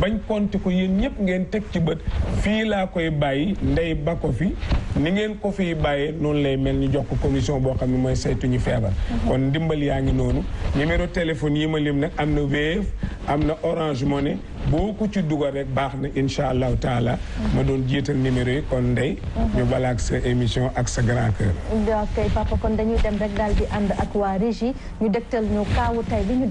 bañ konti ko yéen ñëpp ngeen teg ci bët fii laa koy bàyyi ndey ba ko fi ni ngeen ko fiy bàyyee noonu lay mel ñu jox ko commission boo xam ne mooy saytu ñu feebar mhm. kon ndimbal yaa ngi noonu numéro téléphone yi ma lim nag am na Wave am na Orange Money boo ko ci dugal rek baax na incha allahu taala mhm. ma doon jiital numéro yi kon ndey mhm. ñu balaak sa émission ak sa grand cœur ok papa kon dañuy dem rek daal di ànd ak waa régie ñu dëgtal ñu kaawu tay bi ñu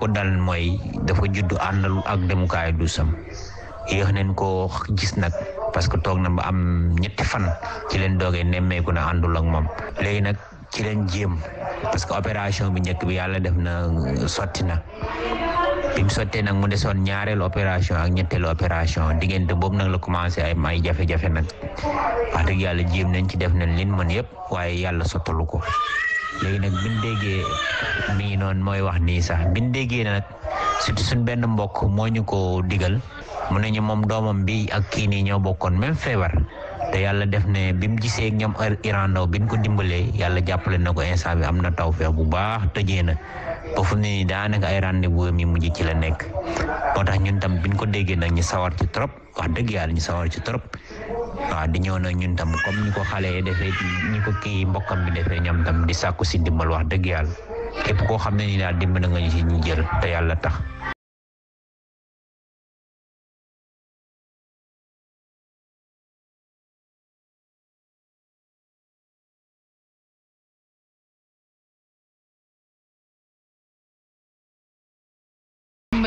ko dal mooy dafa juddu àndal ak demukaayu duusam yéex nañ ko gis nag parce que toog na ba am ñetti fan ci leen doogee nemmeeku na àndul moom léegi nag ci leen jéem parce que opération bi njëkk bi yàlla def na sotti na bi mu sottee nag mu desoon ñaareelu opération ak ñetteelu opération diggante boobu nag la commencé ay ay jafe-jafe nag wax dëgg yàlla jéem nañ ci def nañ lin mën yëpp waaye yàlla sottalu ko léegi nag bi déggee mi ngi noonu mooy wax nii sax bi ñu déggee nag surtout suñ benn mbokk moo ñu ko digal mu ne ñu moom doomam bi ak kii nii ñoo bokkoon même feebar te yàlla def ne bi mu gisee ak ñoom Iran ndaw bi ko dimbalee yàlla jàppale na ko instant bi am na taw tawfeex bu baax tëjee na. ba fu ne nii daanaka ay rendez-vous am yi mujj ci la nekk moo tax ñun tam biñ ko déggee nag ñu sawar ci trop wax dëgg yàlla ñu sawar ci trop waaw di ñëw nag ñun tam comme ni ko xale yi defee ñi ko kii mbokkam bi defee ñam tam di sàkku si dimbal wax dëgg yàlla képp koo xam ne nii daal na nga ñu si ñu jël te yàlla tax.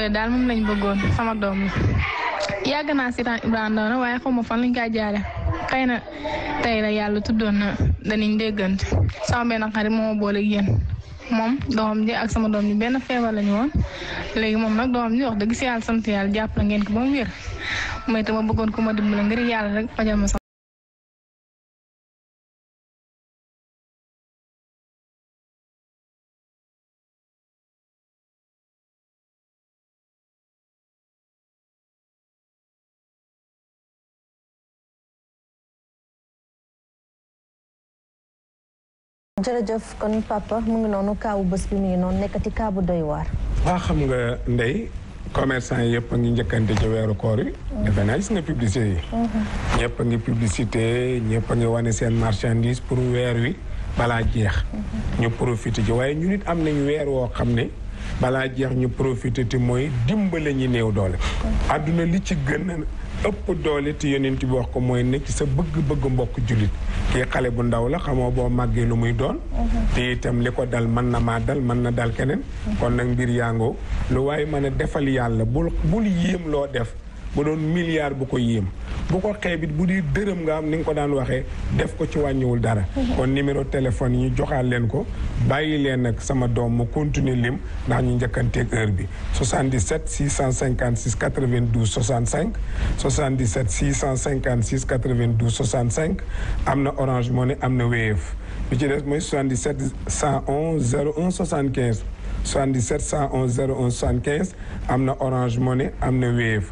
Touré daal moom lañ bëggoon sama doom la yàgg naa seetaan Ibrahima Ndaw waaye waaye xawma fan lañ kaa jaare xëy na tey la yàlla tuddoon na danañ déggante sama benn xarit moo boole ak yéen moom doom ji ak sama doom ji benn feebar lañu woon léegi moom nag doom ji wax dëgg si yàlla sant yàlla jàpp na ngeen ko ba mu wér mooy te ma bëggoon ko ma dimbale yàlla rek fajal ma jërëjëf kon papa mu ngi noonu kaawu bés bi mu noonu nekkati kaabu doy waar. waa xam nga ndey commerçant yëpp a njëkkante ci weeru koor yi. defe gis nga publicité yi. Mhm. ñëpp a ngi publicité ñëpp a ngi wane seen marchandise pour weer wi balaa jeex. Mhm. ñu profité ci waaye ñu nit am nañ weer woo xam ne balaa jeex ñu profité ti mooy dimbale ñi néew doole. Mhm. adduna li ci gën ëpp doole te yonent bi wax ko mooy nekk sa bëgg-bëgg mbokk jullit kii xale bu ndaw la xamoo boo màggee lu muy doon te itam li ko dal mën na maa dal mën na dal keneen kon nag mbir yaangoo lu waaye mën a defal yàlla bul bul yéem loo def bu doon milliard bu ko yéem bu ko xeebit bu di dërëm nga am ni nga ko daan waxee def ko ci wàññiwul dara mhm. kon numéro téléphone yi joxaat leen ko bàyyi leen nag sama doom mu continuer lim ndax ñu njëkkanteeg heure bi 77 656 92 65 77 656 92 65 am na Orange Money am na Wave bi ci des mooy 77 111 01 75 77 111 01 75 am na Orange Money am na Wave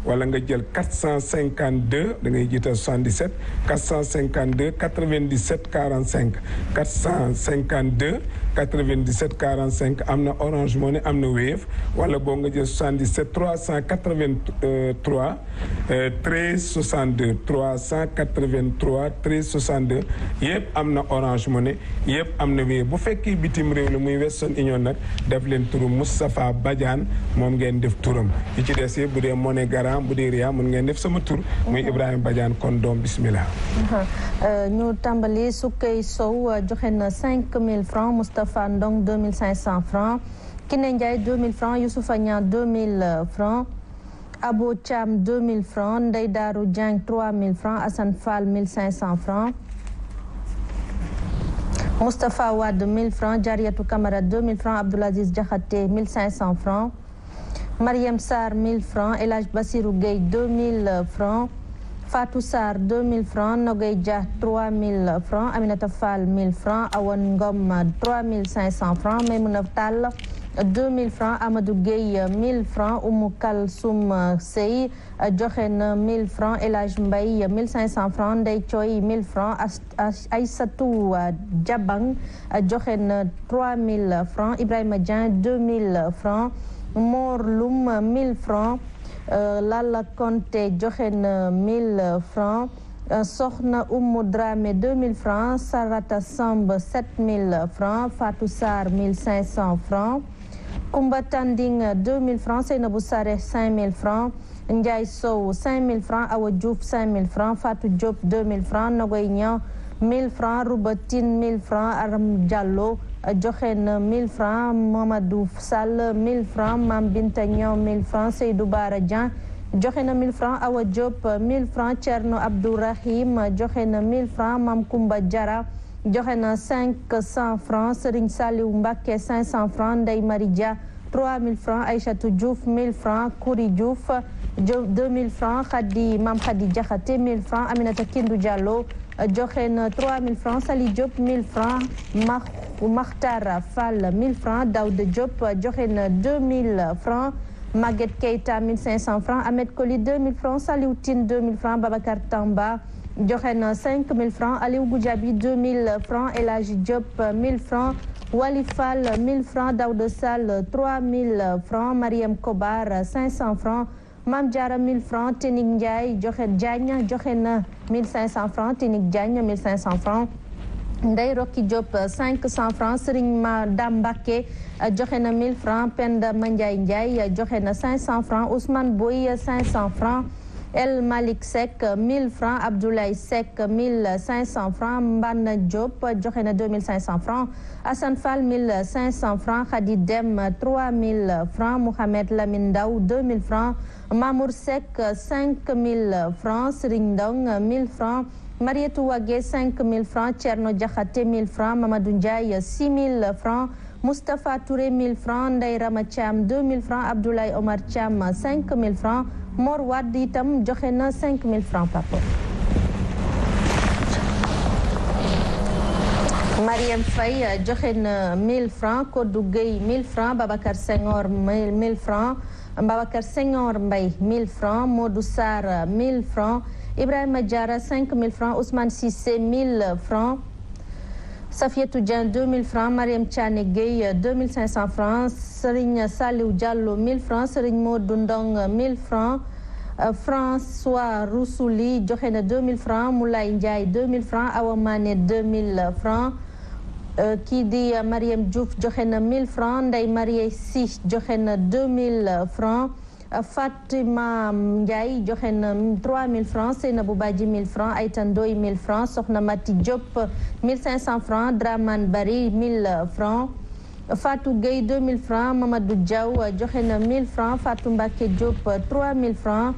wala nga jël 452 da ngay jiital 77 452 97 45 452 97 45 am na Orange Money am na Wave wala boo nga jël 77 383 13 62 383 13 62 yëpp am na Orange Money yëpp am na Wave bu fekkee bitim réew la muy Western Union nag def leen turu Moustapha Badiane moom ngeen def turam li ci des yëpp bu dee Money Gara Instagram bu dee Ria mun ngeen def sama tur. muy uh-huh. Ibrahima Badiane kon bismillah. Uh-huh. Uh, ñu tàmbali Soukey Sow uh, joxe na cinq mille francs Moustapha Ndong deux mille cinq cent francs Kiné Ndiaye deux mille francs Youssoufa Niang deux mille euh, francs Abo Thiam francs Ndey Daaru Dieng francs Assane Fall cinq cent francs Moustapha Wade francs Jariatou Camara francs Abdoulaziz Diakhaté francs Mariam Sarr mille francs El Hadj Bassirou Gueye 2000 francs Fatou Sarr 2000 francs Nogay Dia mille francs Aminata Fall 1000 francs mille Ngom cent francs Maymouna Tall mille francs Amadou Gueye 1000 francs Oumou Kalsoum Sey joxe na 1000 francs El Hadj Mbaye 1500 francs Ndeye Thioy mille francs Aïssatou Diabang joxe na 3000 francs Ibrahima Dieng 2000 francs Morlum mille francs euh, Lalla Konte joxe na 1000 francs euh, Soxna Oumou Dramé 2000 francs Sarata Samb 7000 francs Fatou Sarr 1500 francs Koumba Tanding 2000 francs Seynabou Sare 5000 francs Ndiaye Sow mille francs Awa Diouf 5000 francs Fatou Diop mille francs Nogoy Niang mille francs Roubatine 1000 francs Aram Diallo joxe na 1000 francs Mamadou Sall 1000 francs Mam Binta Ñaw 1000 francs Seydou Bara Dieng joxe na 1000 francs Awa Diop 1000 francs Thierno Abdourahim joxe na 1000 francs Mam Koumba Diarra joxe na 500 francs Serigne Saliou Mbacké 500 francs Ndeye Marie Dia 3000 francs Aïchatou Diouf 1000 francs Kouri Diouf 2000 francs Khady Mam Khady Diakhaté 1000 francs Aminata Kindou Diallo Diokhène 3000 francs Sali Diop 1000 francs Makhtar Fall 1000 francs Daouda Diop Diokhène 2000 francs Maguette Keita 1500 francs Ahmed Koli 2000 sali Saliou Tine 2000 francs Babacar Tamba Diokhène 5000 francs Aliou Goudiabi 2000 francs El Hadji Diop 1000 francs Wali Fall 1000 francs Daouda Sall 3000 francs Mariam Kobar 500 francs Mame Diarra 1000 francs Tening Ndiaye joxe Diagne joxe na 1500 francs Tening Diagne 1500 francs Ndeye Rocky Diop 500 francs Serigne Madame Mbacké euh, joxe na 1000 francs Penda Mandiaye Ndiaye euh, joxe na 500 francs Ousmane Boy 500 francs El Malick Seck 1000 francs Abdoulaye Seck 1500 francs Mbana Diop joxe na 2500 francs Assane Fall 1500 francs Khady Dem 3000 francs Mohamed Lamine Ndaw 2000 francs Mamour Seck 5000 francs Serigne Ndong 1000 francs Marietou Wagué 5000 francs Thierno Diakhaté 1000 francs Mamadou Ndiaye 6000 francs Moustapha Touré 1000 francs Ndeye Rama Thiam 2000 francs Abdoulaye Omar Thiam 5000 francs Mor Wade itam joxe na 5000 francs papa Mariam Faye joxe na 1000 francs Kodou Gueye 1000 francs Babacar Senghor 1000 francs Babacar Senghor Mbaye 1000 francs Modou Sarr 1000 francs Ibrahima Diarra 5000 francs Ousmane Cissé 1000 francs Safiatou Dieng 2000 francs Mariam Thiané Gueye 2500 francs Serigne Saliou Diallo 1000 francs Serigne Modou Ndong 1000 francs euh, François Roussouli joxe na 2000 francs Moulay Ndiaye 2000 francs Awa Mané 2000 francs euh, kii di Mariam Diouf joxe na 1000 francs Ndeye Marie Sy joxe na 2000 francs Fatima Ndiaye joxe na 3000 francs Seynabou Badji 1000 francs Aïta Ndoye 1000 francs Soxna Mati Diop 1500 francs Dramane Bari 1000 francs Fatou Gueye 2000 francs Mamadou Diaw joxe na 1000 francs Fatou Mbacké Diop 3000 francs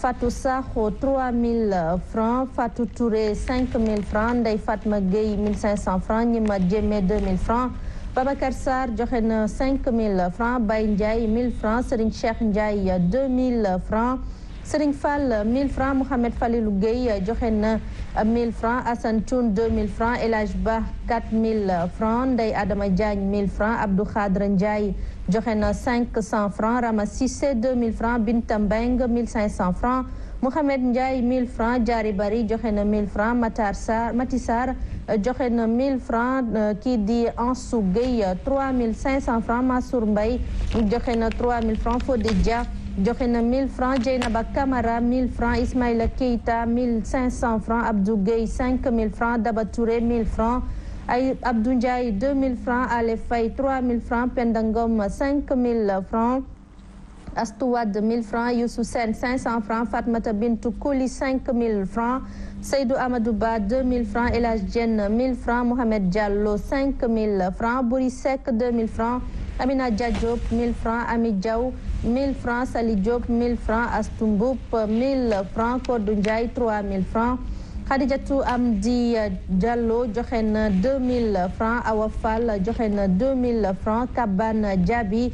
Fatou Sakho 3000 francs Fatou Touré 5000 francs Ndeye Fatma Gueye 1500 francs Nima Diémé 2000 francs Babacar Sarr joxe na 5000 francs bay Ndiaye 1000 francs Serigne Cheikh Ndiaye 2000 francs Serigne Fall 1000 francs Mouhamed Falilou Gueye joxe na 1000 francs Assane Thioune 2000 francs El Hadj Ba 4000 francs Ndeye Adama Diagne 1000 francs Abdou Khadra Ndiaye joxe na 500 francs Rama Cissé 2000 francs Binta Mbeng 1500 francs Mouhamed Ndiaye 1000 francs jaari bari joxe na 1000 francs Matar Sarr Mati Sarr joxe na 1000 francs kii di Ansou Gueye 3500 francs Massour Mbaye joxe na 3000 francs Fodé Dia joxe na 1000 francs Dieynaba Camara 1000 francs Ismaïla Keita 1500 francs Abdou Gueye 5000 francs Daba Touré 1000 francs ay Abdou Ndiaye 2000 francs Ale Faye 3000 francs Penda Ngom 5000 francs Astouad 1000 francs Youssou Sène 500 francs Fatmata Bintou Koli 5000 francs Seydou Amadou Ba 2000 francs El Hadj Diène 1000 francs Mohamed Diallo 5000 francs Boury Seck 2000 francs Amina Dia Diop 1000 francs Ami Diaw 1000 francs Sali Diop 1000 francs Astou Mboup 1000 francs Kodou Ndiaye 3000 francs Khadijatou Amdi Diallo joxe na 2000 francs Awa Fall joxe na 2000 francs Kaban Diaby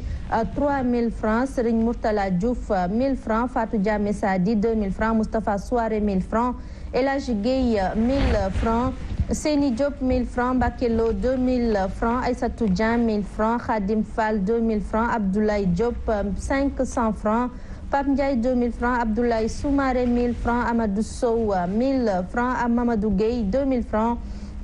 3000 francs Serigne Mourtala Diouf 1000 francs Fatou Diame Sadi 2000 francs Moustapha Souare 1000 francs El Hadj Gueye 1000 francs Seyni Diop 1000 francs Mbakelo 2000 francs Aïssatou Diam 1000 francs Khadim Fall 2000 francs Abdoulaye Diop 500 francs Pape Ndiaye 2000 francs Abdoulaye Soumaré 1000 francs Amadou Sow 1000 francs Mamadou Gueye 2000 francs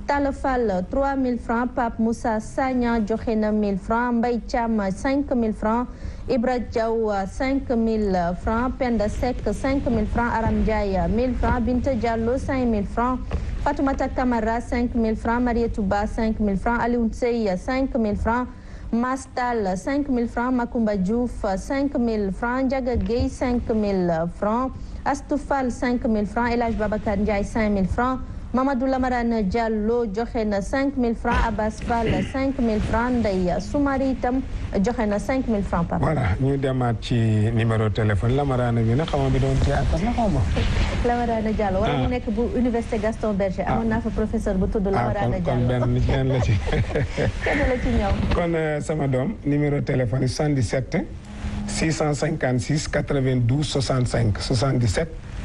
Talla mille 3000 francs Pape Moussa Sagna joxe na 1000 francs Mbaye Thiam 5000 francs Ibra Diaw 5000 francs Penda Seck 5000 francs Aram Ndiaye 1000 francs Binta Diallo mille francs Fatoumata Camara mille francs Marietou Ba mille francs Alioune Seye 5000 francs Mastal 5000 francs Makumba Diouf 5000 francs Ndiaga Gueye 5000 francs Astoufal 5000 francs El Hadj Babacar Ndiaye 5000 francs Mamadou Lamarane Diallo joxe na 5000 francs Abbas Fall 5000 francs Ndeye Soumari itam joxe na 5000 francs papa. voilà ñu ci numéro téléphone Lamarane bi nag xaw bi doon cee àttan na xaw ma. Lamarane nekk bu université Gaston Berger. Ah. amoon naa fa professeur bu tudd Lamarane Diallo ah kon kon benn la ci. kenn la ci ñëw. kon euh, sama doom numéro téléphone yi 77 656 92 65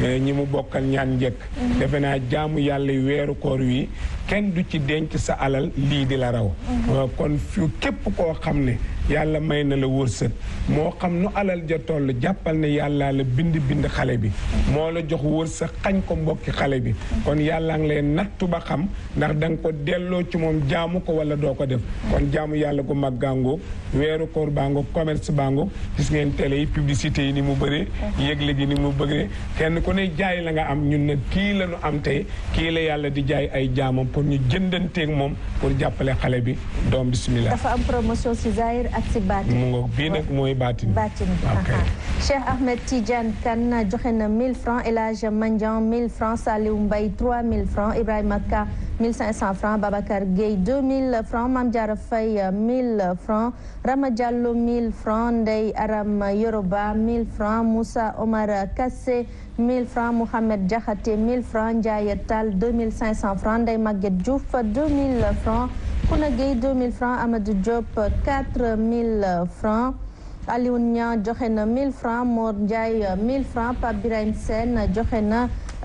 ñi mu bokkal ñaan njëkk mhm. defe naa jaamu yàlla yu weeru koor wi kenn du ci denc sa alal lii di la raw mhm. kon fi képp koo xam ne yàlla may na la wërsëg moo xam nu alal ja toll jàppal na yàllaa la bind bind xale bi moo la jox wërsëg xañ ko mbokki xale bi mhm. kon yàllaa ngi lay nattu ba xam ndax danga ko delloo ci moom jaamu ko wala doo ko def kon jaamu yàlla gu mag gàngoo weeru koor bàngoog commerce bàngoog gis ngeen télé yi publicité yi ni mu bëree yëgle gi ni ku ne jaay la nga am ñun nag kii la ñu am tey kii la yàlla di jaay ay jaamam pour ñu jëndanteek moom pour jàppale xale bi doom bisimilah. dafa am promotion si Zahir ak si Baatin. mu ngoog bii nag mooy Baatin. Baatin Cheikh Ahmed Tidiane na joxe na 1000 francs El Hadj Mandian 1000 francs Saliou Mbaye 3000 francs Ibrahima Ka. 1500 francs Babacar Gueye 2000 francs Mame Diarra Faye 1000 francs Rama Diallo 1000 francs Ndeye Aram Yoroba 1000 francs Moussa Omar Kassé 1000 francs Mohamed Diakhaté 1000 francs Ndiaye Tall 2500 francs Ndeye Maguette Diouf 2000 francs Kouna Gueye 2000 francs Amadou Diop 4000 francs Alioune Niang joxe francs Mor Ndiaye 1000 francs Pape Birahim Sène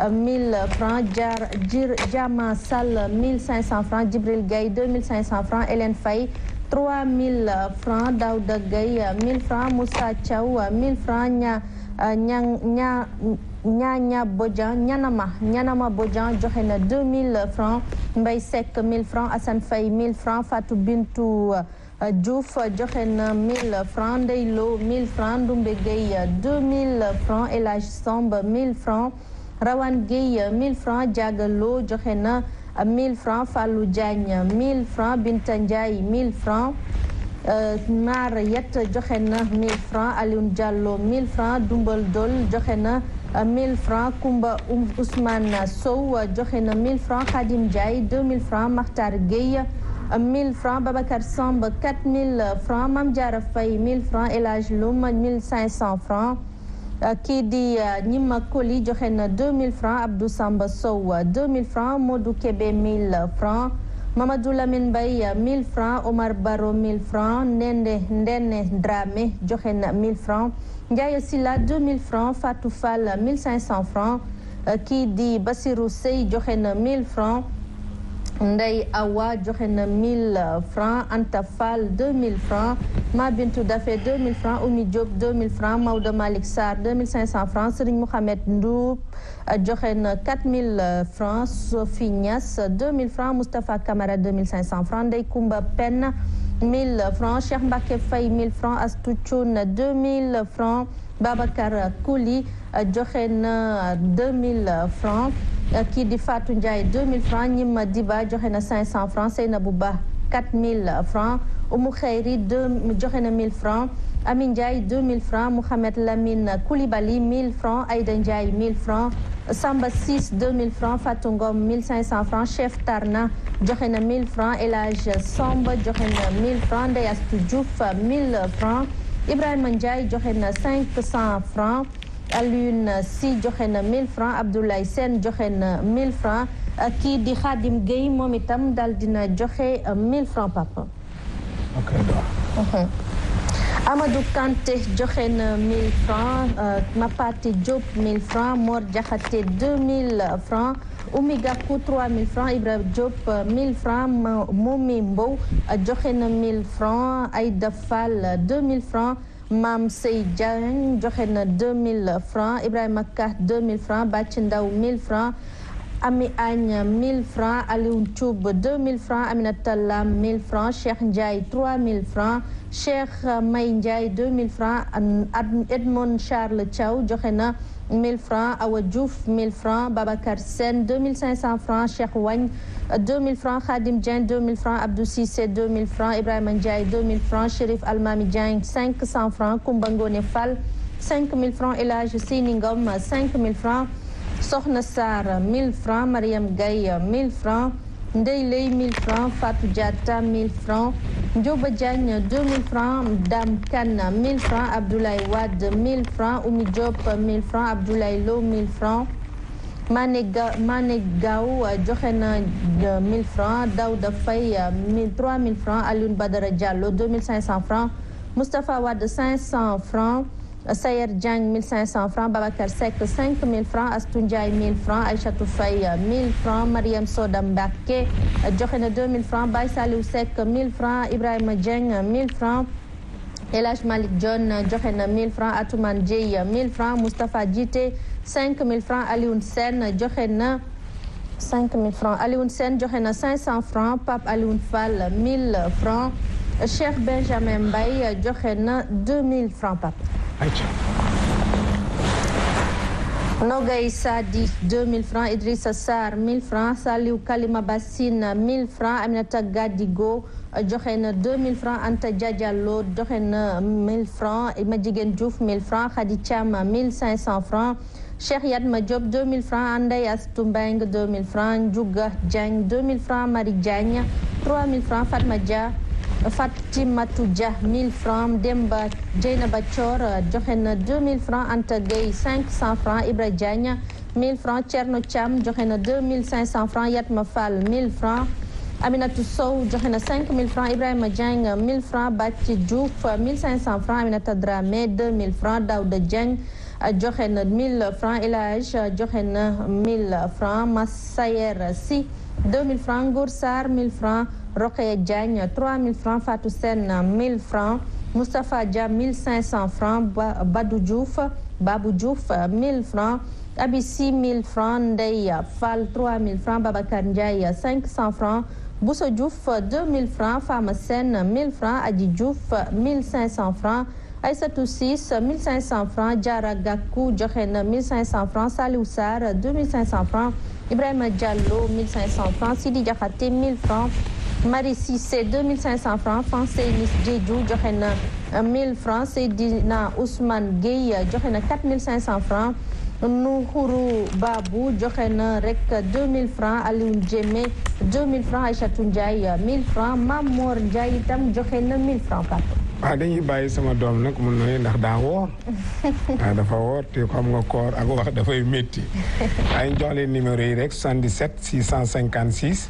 mille francs jaar jir Jama Sall mille cinq cent francs Djibril Gaye deux mille cinq cent francs Hélène Faye trois mille francs Daouda Gaye mille francs Moussa Thiaw mille francs ña ña ña ñaña Bodian ñanama ñanama Bodian joxe na deux mille francs Mbaye Seck mille francs Assane Faye mille francs Fatou Bintou Diouf joxe na mille francs Ndeylo mille francs Ndoumbe Gueye deux mille francs El Hadj Samb mille francs rawan gi 1000 francs Diagalo joxe na 1000 francs Fallou Diagne 1000 francs Binta Ndiaye 1000 francs Mar Yet joxe na 1000 francs Alioune Diallo 1000 francs Dumbal Dol joxe na 1000 francs Kumba Ousmane Sow joxe na 1000 francs Khadim Ndiaye 2000 francs Makhtar Gueye 1000 francs Babacar Samb mam francs Mame Diarra Faye 1000 francs El Hadj Loum 1500 francs kii di Ñima eh, Koli joxe na 2000 francs Abdou Samba Sow 2000 eh, francs Modou Kébé 1000 francs Mamadou Lamine Mbaye 1000 eh, francs Omar Baro 1000 francs Ndende Ndene Dramé joxe na 1000 francs Ndiaye Silla 2000 francs Fatou Fall 1500 francs kii di Basirou Sey joxe na 1000 francs Ndey Awa joxe na 1000 francs Anta mille 2000 francs Ma Bintu Dafé 2000 francs Oumy Diop 2000 francs Maodo Malick Sarr 2500 francs Serigne Mohamed Ndour joxe na 4000 francs Sophie Niass 2000 francs Moustapha Camara 2500 francs Ndey Koumba Penn 1000 francs Cheikh Mbacke Faye 1000 francs Astou Thioune 2000 francs Babacar Kouli joxe na 2000 francs kii di Fatou Ndiaye 2000 francs Ñima Diba joxe na 500 francs Seynabou Ba 4000 francs Oumou Khayri joxe na 1000 francs Amin Ndiaye 2000 francs Mouhamed Lamine Koulibaly 1000 francs Aïda Ndiaye 1000 francs Samba 6 2000 francs Fatou Ngom 1500 francs Chef Tarna joxe na 1000 francs El Hadj Somb joxe na 1000 francs Ndeye Astou Diouf 1000 francs Ibrahima Ndiaye joxe na 500 francs Alioune Sy joxe na 1000 francs Abdoulaye Sène joxe na 1000 francs kii di Khadim Gueye moom itam dal dina joxe 1000 francs papa. ok d'accord. Amadou Kanté joxe na 1000 francs Mapate Diop 1000 francs Mor Diakhaté 2000 francs Oumy Gakou 3000 francs Ibrahima Diop 1000 francs Momi Mbow joxe na 1000 francs Aïda Fall 2000 francs. Maam Sey Diagne joxe na 2000 francs Ibrahima Ka 2000 francs Bàcc Ndaw 1000 francs Ami Agne 1000 francs Alioune Thioub 2000 francs Aminata Lam mille francs Cheikh Ndiaye 3000 francs Cheikh May Ndiaye 2000 francs Edmond Charles Thiaw joxe na mille francs Awa Diouf 1000 francs Babacar Sène mille francs Cheikh Wagne 2000 francs Khadim Dieng 2000 francs Abdou Cissé 2000 francs Ibrahima Ndiaye 2000 francs Chérif Almami Dieng 500 francs Koumba Ngone Fall 5000 francs El Hadj Sini Ngom 5000 francs Sokhna Sarr 1000 francs Mariam Gaye mille francs Ndeye Leye 1000 francs Fatou Diatta 1000 francs Ndioba Diagne 2000 francs Dame Kane 1000 francs Abdoulaye Wade 1000 francs Oumy Diop 1000 francs Abdoulaye Lo 1000 francs Mané Ga Mané Gaw joxe na 1000 euh, francs Daouda Faye 3000 euh, francs Alioune Badara Diallo 2500 francs Moustapha Wade 500 francs Sayer Diagne 1500 francs Babacar Seck 5000 francs Astou Ndiaye 1000 francs Aïchatou Faye 1000 francs Mariam Soda Mbacké joxe na 2000 francs Baye Saliou Seck 1000 francs Ibrahima Dieng 1000 francs El John joxe na 1000 francs Atoumane Dieye 1000 francs Moustapha Djité 5000 francs Alioune Sène joxe na 5000 francs Alioune Sène joxe na 500 francs Pape Alioune Fall 1000 francs Cheikh Benjamin Mbaye Nogay Sadi 2000 francs Idrissa Sarr 1000 francs Saliou Kalima Bassine 1000 francs Aminata Gadigo joxe na 2000 francs Anta Diadiallo joxe na 1000 francs Ima Jigéen Diouf 1000 francs Khady Thiam 1500 francs Cheikh Yatma Diop 2000 francs Ndeye Astou Mbengue francs Ndiouga Diagne 2000 francs Marie Diagne francs Fatma Dia Fatimatou Dia 1000 francs Demba Dieynaba Thior joxe na 2000 francs Anta Gueye 500 francs Ibra Diagne 1000 francs Thierno Thiam joxe na 2500 francs Yatma Fall 1000 francs Aminatou Sow joxe na 5000 francs Ibrahima Dieng 1000 francs Bathie Diouf 1500 francs Aminata Dramé 2000 francs Daouda Dieng joxe na 1000 francs Elage joxe na 1000 francs Massayer Sy 2000 francs Ngour Sarr 1000 francs Rokhaya Diagne 3000 francs Fatou Sène 1000 francs Moustapha Dia 1500 francs Badou Diouf Babou Diouf 1000 francs Abi 6000 francs Ndey Fall 3000 francs Babacar Ndiaye 500 francs Bousso Diouf 2000 francs Fama Sène 1000 francs Adji Diouf 1500 francs Aïssatou Ciss 1500 francs Diarra Gakou joxe na 1500 francs Saliou Sarr 2500 francs Ibrahima Diallo 1500 francs Sidi Diakhaté 1000 francs Marie Cissé 2500 francs Francais Miss Diédiou joxe na 1000 euh, francs Seydina Ousmane Gueye joxe na 4500 francs Nuhuru Babou joxe na rek 2000 francs Alioune Diémé 2000 francs Aïchatou Ndiaye 1000 francs Mamor Ndiaye tam joxe na 1000 francs papa. dañuy bàyyi sama doom nag mun ndax daa dafa woor te xam nga koor ak wax dafay métti waaye ñu jox leen numéro yi rek 77 656.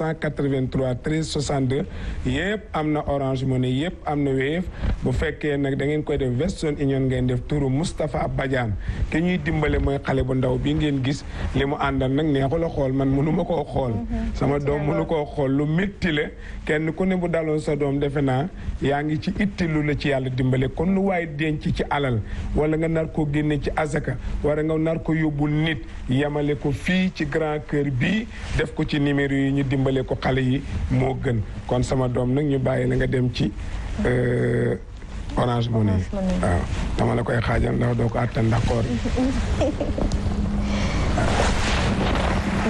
983 13 62 yëpp am na Orange ne yëpp am na Wave bu fekkee nag da ngeen koy def Western Union ngeen def turu Moustapha Badiane ki ñuy dimbale mooy xale bu ndaw bi ngeen gis li mu àndal nag neexul a xool man mënuma koo xool mhm. sama doom mënu koo xool lu métti la kenn ku ne bu daloon sa doom defe naa yaa ngi ci itti lu la ci yàlla dimbale kon lu waaye denc ci alal wala nga nar ko génne ci azaka wala nga nar ko yóbbul nit yemale ko fii ci grand cœur bi def ko ci numéro yi ñu dimbalee ko xale yi moo gën kon sama doom nag ñu bàyyi la nga dem ci euh, orange money waaw dama la koy xaajal ndax doo ko àttan ndax koor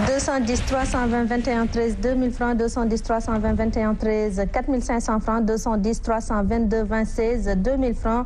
210 320 21 13 2000 francs 210 320 21 13 4500 francs 210 322 20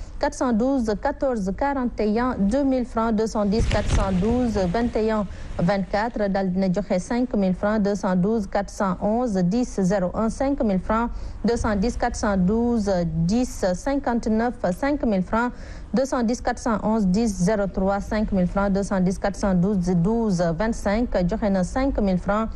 412 14 41 2000 francs 210 412 21 24 daal dina joxe 5000 francs 212 411 10 01 5000 francs 210 412 10 59 5000 francs 210 411 10 03 5000 francs 210 412 12 cinq joxe na mille francs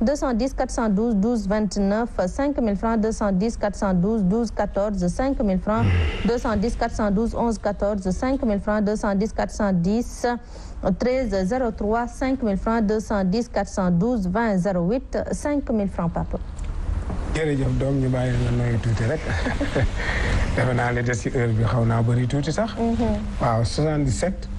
210 412 12 29 5000 francs 210 412 12 14 5000 francs 210 412 11 14 5000 francs 210 410 13 03 5000 francs 210 412 20 08 5000 francs Papa. jërëjëf doom ñu bàyyi la nooyu tuuti rek defe naa ne des ci heure bi xaw naa bëri tuuti sax. Mm-hmm. waaw 77.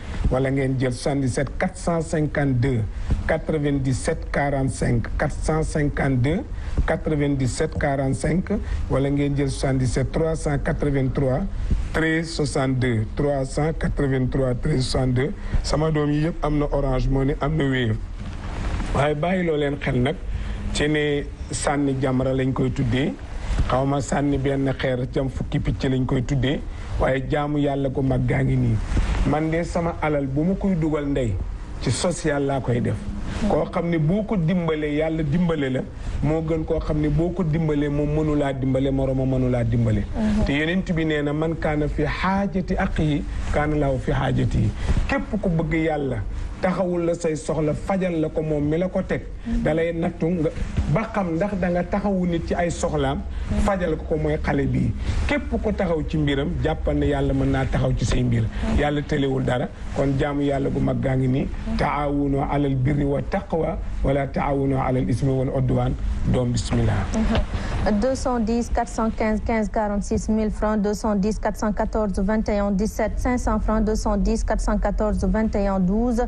wala ngeen jël 77 452 97 45 452 97 45 wala ngeen jël 77 383 13 62 383 13 62 sama doom yi yëpp am na orange moo ne am na wéer waaye bàyyi loo leen xel nag ci ne sànni jamra lañ koy tuddee xaw ma sànni benn xeer jam fukki picc lañ koy tuddee waaye jaamu yàlla ko mag gaa ngi nii man de sama alal bu ma koy dugal ndey ci social laa koy def koo xam ne boo ko dimbalee yàlla dimbale la moo gën koo xam ne boo ko dimbalee moom mënulaa dimbale morooma mënulaa dimbale mhm. te yenent bi nee na man kaana fi xaajati aq yi kaana laaw fi xaajati yi képp ko bëgg yàlla taxawul la say soxla fajal la ko moom mi la ko teg mm-hmm. dalay nattu nga ba xam ndax danga taxawu nit ci ay soxlaam mm-hmm. fajal ko ko mooy xale bii képp ko taxaw ci mbiram jàppal na yàlla mën naa taxaw ci say mbir mm-hmm. yàlla tëlewul dara kon jam yàlla gu mag gaa ngi nii taawunoo alal birri wa taqwa wala taawunoo alal ismi wal odduwaan doom bismillah 210 415 15 46 000 francs 210 414 21 17 500 francs 210 414 21 12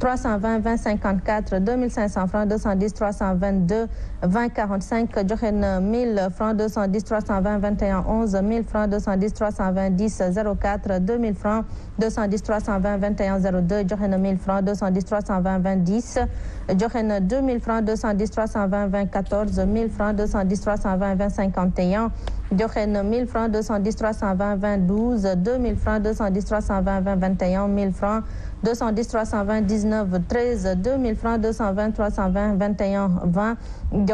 320 20 54 2500 francs 210 322 20 45 joxe na 1000 francs 210 320 21 11 1000 francs 210 320 10 04 2000 francs 210 320 21 02 joxe na 1000 francs 210 320 20 10 joxe na 2000 francs 210 320 20 14 1000 francs 210 320 20 51 joxe na 1000 francs 210 320 20 12 2000 francs 210 320 20 21 1000 francs 210 320 19 13 2000 francs 220 320 21 20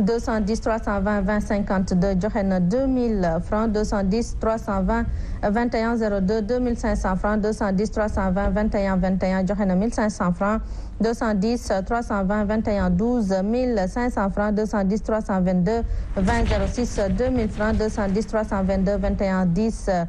210 320 20 52 joxe na 2000 francs 210 320 21 02 2500 francs 210 320 21 21 joxe na 1500 francs 210 320 21 12 1500 francs 210 322 20 06 2000 francs 210 322 21 10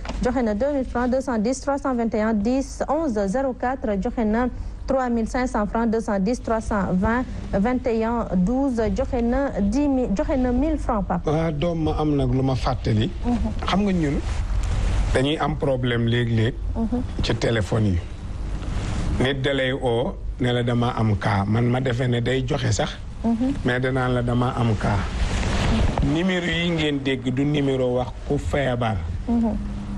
joxe na 2000 francs 210 321 10 11 04 joxe na 3500 francs 210 320 21 12 joxe na 10 000 joxe na 1000 francs papa. waaw doom ma am nag lu ma fàttali. Mhm. xam nga ñun dañuy am problème léegi léeg mhm. ci téléphone yi. nit dalay oo ne la dama am kaa man ma defee ne day joxe sax. Mhm. mais danaan la dama am kaa. numéro yi ngeen dégg du numéro wax ku feebar.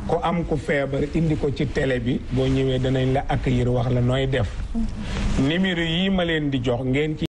ku am ku feebar indi ko ci télé bi boo ñëwee danañ la accueillir wax la nooy def mm-hmm. numéro yi ma leen di jox ngeen ci